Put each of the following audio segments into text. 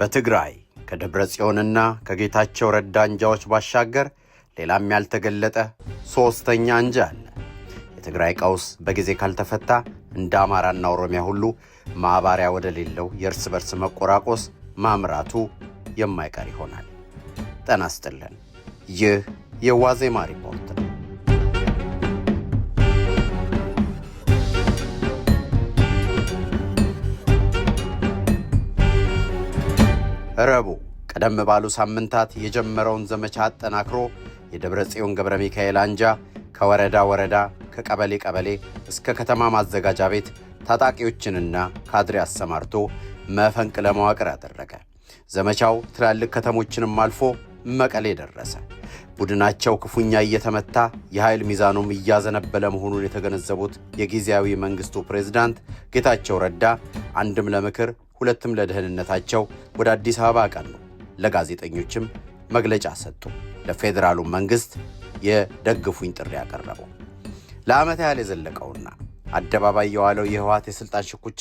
በትግራይ ከደብረ ጽዮንና ከጌታቸው ረዳ አንጃዎች ባሻገር ሌላም ያልተገለጠ ሦስተኛ አንጃ አለ። የትግራይ ቀውስ በጊዜ ካልተፈታ እንደ አማራና ኦሮሚያ ሁሉ ማባሪያ ወደሌለው የእርስ በርስ መቆራቆስ ማምራቱ የማይቀር ይሆናል። ጤና ይስጥልን። ይህ የዋዜማ ሪፖርት ነው። ረቡ ቀደም ባሉ ሳምንታት የጀመረውን ዘመቻ አጠናክሮ የደብረ ጽዮን ገብረ ሚካኤል አንጃ ከወረዳ ወረዳ ከቀበሌ ቀበሌ እስከ ከተማ ማዘጋጃ ቤት ታጣቂዎችንና ካድሬ አሰማርቶ መፈንቅለ መዋቅር አደረገ። ዘመቻው ትላልቅ ከተሞችንም አልፎ መቀሌ ደረሰ። ቡድናቸው ክፉኛ እየተመታ የኃይል ሚዛኑም እያዘነበለ መሆኑን የተገነዘቡት የጊዜያዊ መንግስቱ ፕሬዝዳንት ጌታቸው ረዳ አንድም ለምክር ሁለትም ለደህንነታቸው ወደ አዲስ አበባ አቀኑ። ለጋዜጠኞችም መግለጫ ሰጡ። ለፌዴራሉ መንግስት የደግፉኝ ጥሪ ያቀረበው ለዓመት ያህል የዘለቀውና አደባባይ የዋለው የህወሓት የሥልጣን ሽኩቻ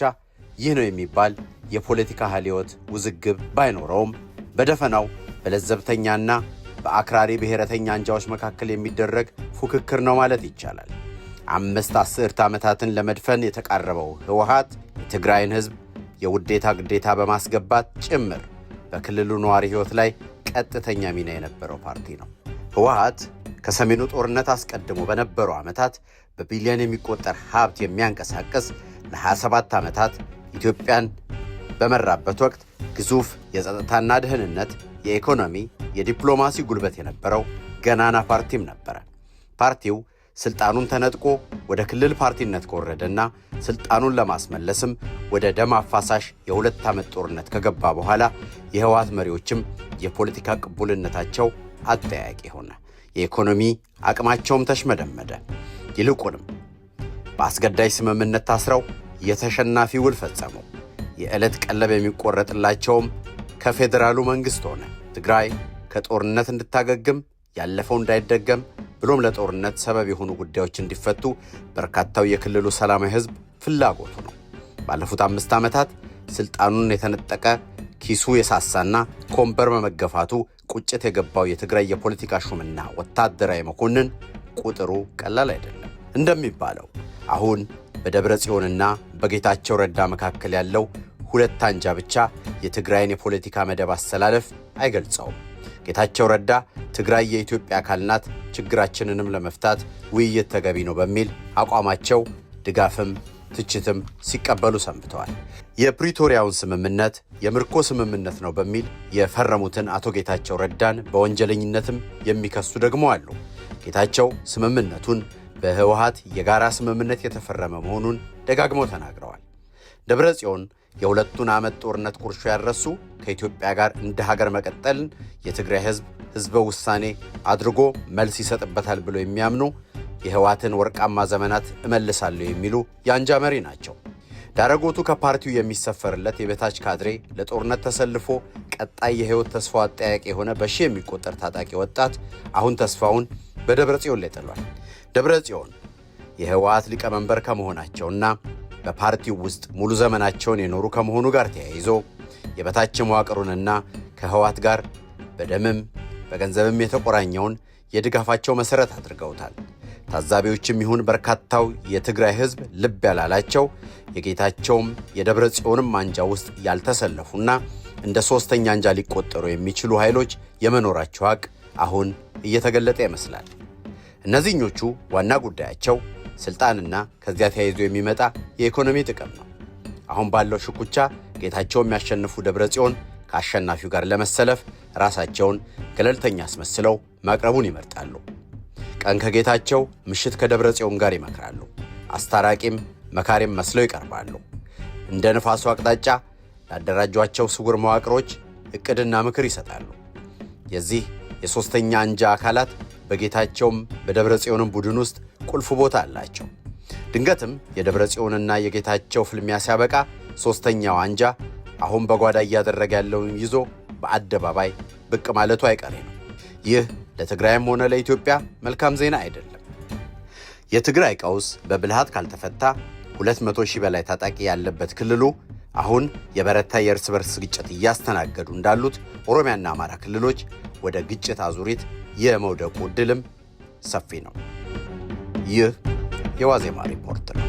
ይህ ነው የሚባል የፖለቲካ ህልዮት ውዝግብ ባይኖረውም በደፈናው በለዘብተኛና በአክራሪ ብሔረተኛ አንጃዎች መካከል የሚደረግ ፉክክር ነው ማለት ይቻላል። አምስት አስርት ዓመታትን ለመድፈን የተቃረበው ህወሓት የትግራይን ህዝብ የውዴታ ግዴታ በማስገባት ጭምር በክልሉ ነዋሪ ሕይወት ላይ ቀጥተኛ ሚና የነበረው ፓርቲ ነው። ህወሀት ከሰሜኑ ጦርነት አስቀድሞ በነበሩ ዓመታት በቢሊዮን የሚቆጠር ሀብት የሚያንቀሳቅስ ለ27 ዓመታት ኢትዮጵያን በመራበት ወቅት ግዙፍ የጸጥታና ደህንነት፣ የኢኮኖሚ፣ የዲፕሎማሲ ጉልበት የነበረው ገናና ፓርቲም ነበረ። ፓርቲው ስልጣኑን ተነጥቆ ወደ ክልል ፓርቲነት ከወረደና ስልጣኑን ለማስመለስም ወደ ደም አፋሳሽ የሁለት ዓመት ጦርነት ከገባ በኋላ የህወሓት መሪዎችም የፖለቲካ ቅቡልነታቸው አጠያቂ ሆነ። የኢኮኖሚ አቅማቸውም ተሽመደመደ። ይልቁንም በአስገዳጅ ስምምነት ታስረው የተሸናፊ ውል ፈጸሙ። የዕለት ቀለብ የሚቆረጥላቸውም ከፌዴራሉ መንግሥት ሆነ። ትግራይ ከጦርነት እንድታገግም ያለፈው እንዳይደገም ብሎም ለጦርነት ሰበብ የሆኑ ጉዳዮች እንዲፈቱ በርካታው የክልሉ ሰላማዊ ህዝብ ፍላጎቱ ነው። ባለፉት አምስት ዓመታት ስልጣኑን የተነጠቀ ኪሱ የሳሳና ኮምበር በመገፋቱ ቁጭት የገባው የትግራይ የፖለቲካ ሹምና ወታደራዊ መኮንን ቁጥሩ ቀላል አይደለም። እንደሚባለው አሁን በደብረ ጽዮንና በጌታቸው ረዳ መካከል ያለው ሁለት አንጃ ብቻ የትግራይን የፖለቲካ መደብ አሰላለፍ አይገልጸውም። ጌታቸው ረዳ ትግራይ የኢትዮጵያ አካል ናት፣ ችግራችንንም ለመፍታት ውይይት ተገቢ ነው በሚል አቋማቸው ድጋፍም ትችትም ሲቀበሉ ሰንብተዋል። የፕሪቶሪያውን ስምምነት የምርኮ ስምምነት ነው በሚል የፈረሙትን አቶ ጌታቸው ረዳን በወንጀለኝነትም የሚከሱ ደግሞ አሉ። ጌታቸው ስምምነቱን በህወሀት የጋራ ስምምነት የተፈረመ መሆኑን ደጋግመው ተናግረዋል። ደብረ ጽዮን የሁለቱን ዓመት ጦርነት ቁርሾ ያረሱ ከኢትዮጵያ ጋር እንደ ሀገር መቀጠልን የትግራይ ህዝብ ህዝበ ውሳኔ አድርጎ መልስ ይሰጥበታል ብሎ የሚያምኑ የህወሓትን ወርቃማ ዘመናት እመልሳለሁ የሚሉ የአንጃ መሪ ናቸው። ዳረጎቱ ከፓርቲው የሚሰፈርለት የበታች ካድሬ ለጦርነት ተሰልፎ ቀጣይ የህይወት ተስፋ አጠያቂ የሆነ በሺ የሚቆጠር ታጣቂ ወጣት አሁን ተስፋውን በደብረ ጽዮን ላይ ጥሏል። ደብረ ጽዮን የህወሓት ሊቀመንበር ከመሆናቸውና በፓርቲው ውስጥ ሙሉ ዘመናቸውን የኖሩ ከመሆኑ ጋር ተያይዞ የበታች መዋቅሩንና ከህዋት ጋር በደምም በገንዘብም የተቆራኘውን የድጋፋቸው መሰረት አድርገውታል። ታዛቢዎችም ይሁን በርካታው የትግራይ ህዝብ ልብ ያላላቸው የጌታቸውም የደብረ ጽዮንም አንጃ ውስጥ ያልተሰለፉና እንደ ሶስተኛ አንጃ ሊቆጠሩ የሚችሉ ኃይሎች የመኖራቸው ሀቅ አሁን እየተገለጠ ይመስላል። እነዚህኞቹ ዋና ጉዳያቸው ስልጣንና ከዚያ ተያይዞ የሚመጣ የኢኮኖሚ ጥቅም ነው። አሁን ባለው ሽኩቻ ጌታቸው የሚያሸንፉ ደብረ ጽዮን ከአሸናፊው ጋር ለመሰለፍ ራሳቸውን ገለልተኛ አስመስለው ማቅረቡን ይመርጣሉ። ቀን ከጌታቸው ምሽት ከደብረ ጽዮን ጋር ይመክራሉ። አስታራቂም መካሪም መስለው ይቀርባሉ። እንደ ንፋሱ አቅጣጫ ላደራጇቸው ስውር መዋቅሮች እቅድና ምክር ይሰጣሉ። የዚህ የሦስተኛ አንጃ አካላት በጌታቸውም በደብረ ጽዮንም ቡድን ውስጥ ቁልፍ ቦታ አላቸው። ድንገትም የደብረ ጽዮንና የጌታቸው ፍልሚያ ሲያበቃ ሦስተኛው አንጃ አሁን በጓዳ እያደረገ ያለውን ይዞ በአደባባይ ብቅ ማለቱ አይቀሬ ነው። ይህ ለትግራይም ሆነ ለኢትዮጵያ መልካም ዜና አይደለም። የትግራይ ቀውስ በብልሃት ካልተፈታ 200 ሺህ በላይ ታጣቂ ያለበት ክልሉ አሁን የበረታ የእርስ በርስ ግጭት እያስተናገዱ እንዳሉት ኦሮሚያና አማራ ክልሎች ወደ ግጭት አዙሪት የመውደቁ ዕድልም ሰፊ ነው። ይህ የዋዜማ ሪፖርት ነው።